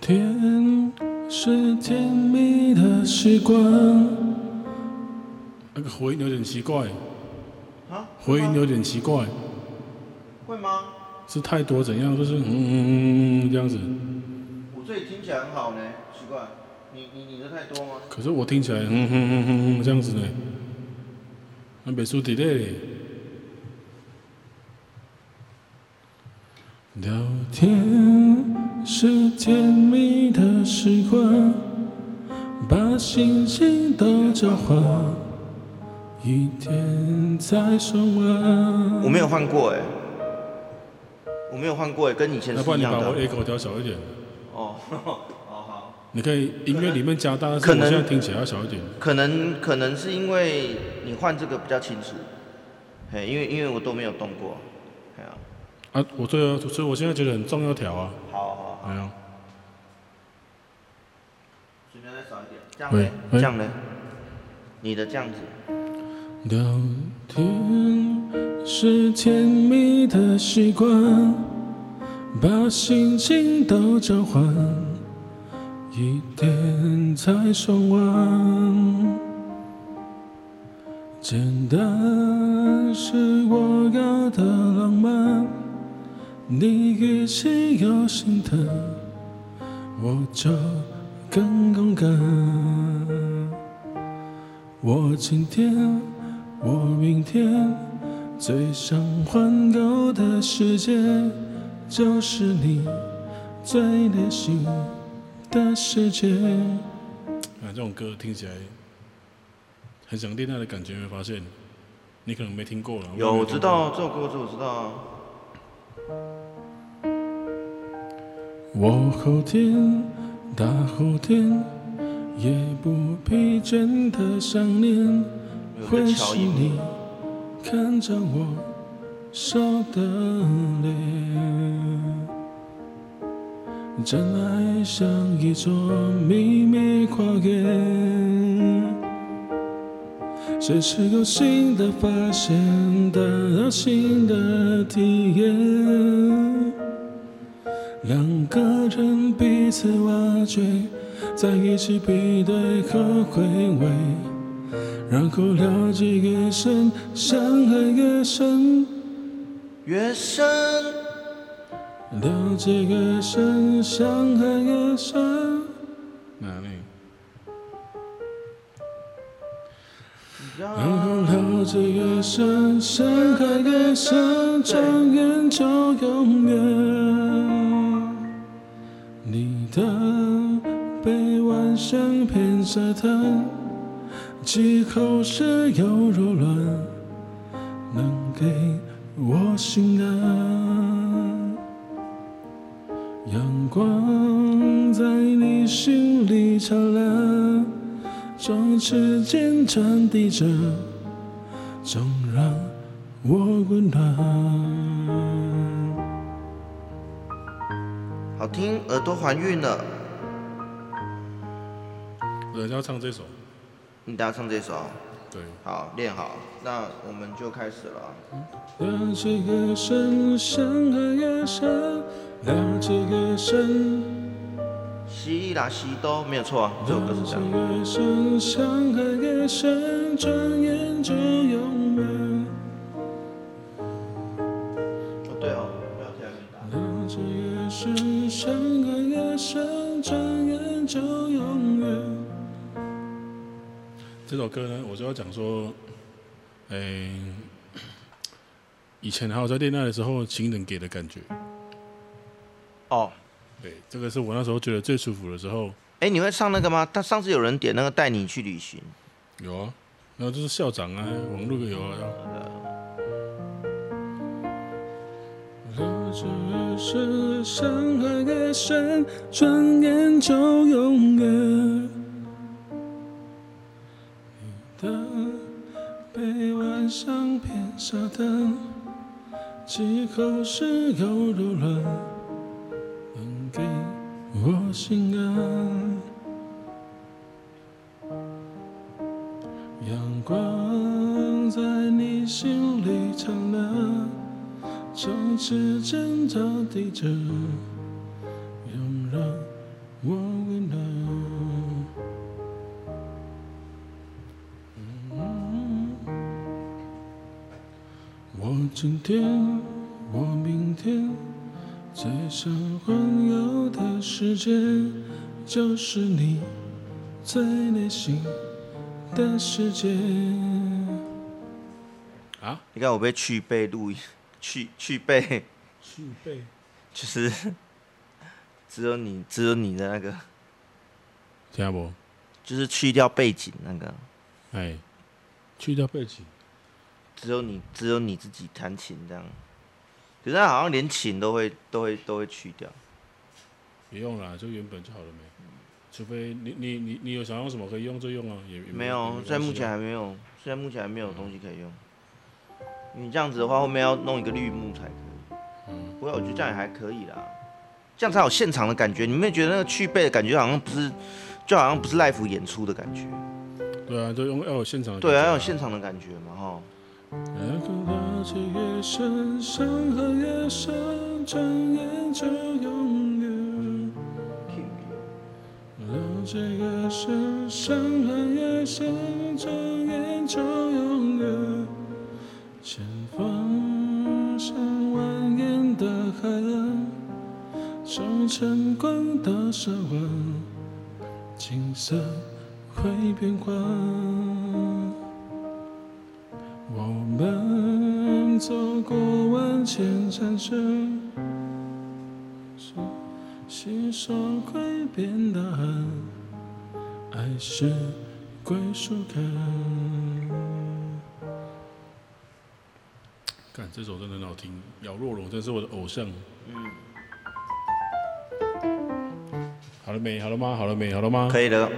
天是甜蜜的時光，那個回音有點奇怪，啊？回音有點奇怪，會嗎？是太多怎樣？就是嗯嗯嗯嗯嗯這樣子。我這裡聽起來很好嘞，奇怪，你你你的太多嗎？可是我聽起來嗯嗯嗯嗯嗯這樣子的，那不少 delay 耶。啊、聊天。是甜蜜的時光，把星星都交換。一天在升溫。我沒有換過哎，我沒有換過哎，跟以前是一樣的。那不然你把我 echo 調小一點。哦，好好。好，你可以音樂裡面加大，可能是我現在聽起來要小一點。可能可能，可能是因為你換這個比較清楚，哎，因為因為我都沒有動過，哎呀、啊。啊，我對啊，所以我現在覺得很重要調啊。哎呀，水、uh huh. 再少一點，這樣呢？這樣喂呢？喂你的這樣子。聊天是甜蜜的習慣，把心情都交換，一點才算完。簡單是我要的浪漫。你語氣有心疼，我就更勇敢。我今天，我明天，最想環遊的世界，就是你最內心的世界。啊，這種歌聽起來，很像戀愛的感覺，有沒發現？你可能沒聽過。沒有，知道這首歌詞，我知道這我後天、大後天也不疲倦地想念，會是你看着我笑的臉。真愛像一座秘密花園。這是個新的發現的，得到新的體驗。兩個人彼此挖掘，在一起比對和回味，然後了解越深，傷害越深，越生深。了解越深，傷害越深。然後了解越深，相愛越深，轉眼就永遠。對你的臂彎像片沙灘，既厚實又柔軟，能給我心安。陽光在你心裡照亮。指尖傳遞着，總讓我溫暖。好聽，耳朵懷孕了。我要唱這首。你打算唱這首？對。好，練好，那我們就開始了。西拉西多沒有錯啊，這首歌是這樣。哦，對哦。這首歌呢，我就要講說，嗯，以前還有在戀愛的時候，情人給的感覺。哦。對，這個是我那時候覺得最舒服的時候。哎，你會唱那個嗎？他上次有人點那個帶你去旅行，有啊，然後就是校長啊，網絡有啊。我心安、啊，陽光在你心裡燦爛，從指尖到地底，要讓我溫暖。我今天，我明天。在上晃悠的世界，就是你最內心的世界。啊！你看我被去背錄音，去去背，去背，去背就是只有你，只有你的那個，聽下不？就是去掉背景那個，哎，去掉背景，只有你，只有你自己彈琴這樣。現在好像連琴都會都會都會去掉，別用了啦，就原本就好了沒。除非你你你你有想要用什麼可以用就用啊，也沒有。沒啊，現在目前還沒有，現在目前還沒有東西可以用。嗯，你這樣子的話，後面要弄一個綠幕才可以。嗯，不過我覺得這樣也還可以啦，嗯，這樣才有現場的感覺。你們覺得那個去背的感覺好像不是，就好像不是 live 演出的感覺。對啊，就用要有現場的感覺啊。對啊，要有現場的感覺嘛，哈。欸就是愛得越深，傷得越深，轉眼就擁有。越 Okay. 深，傷得越深，轉眼就擁有。前方像蜿蜒的海岸，從晨光到沙灣，景色會變幻。我們。走過萬千山水，心上會變得很愛。是歸屬感，看這首真的很好聽姚若。姚若龍，真是我的偶像。好了沒？好了嗎？好了沒？好了嗎？可以了。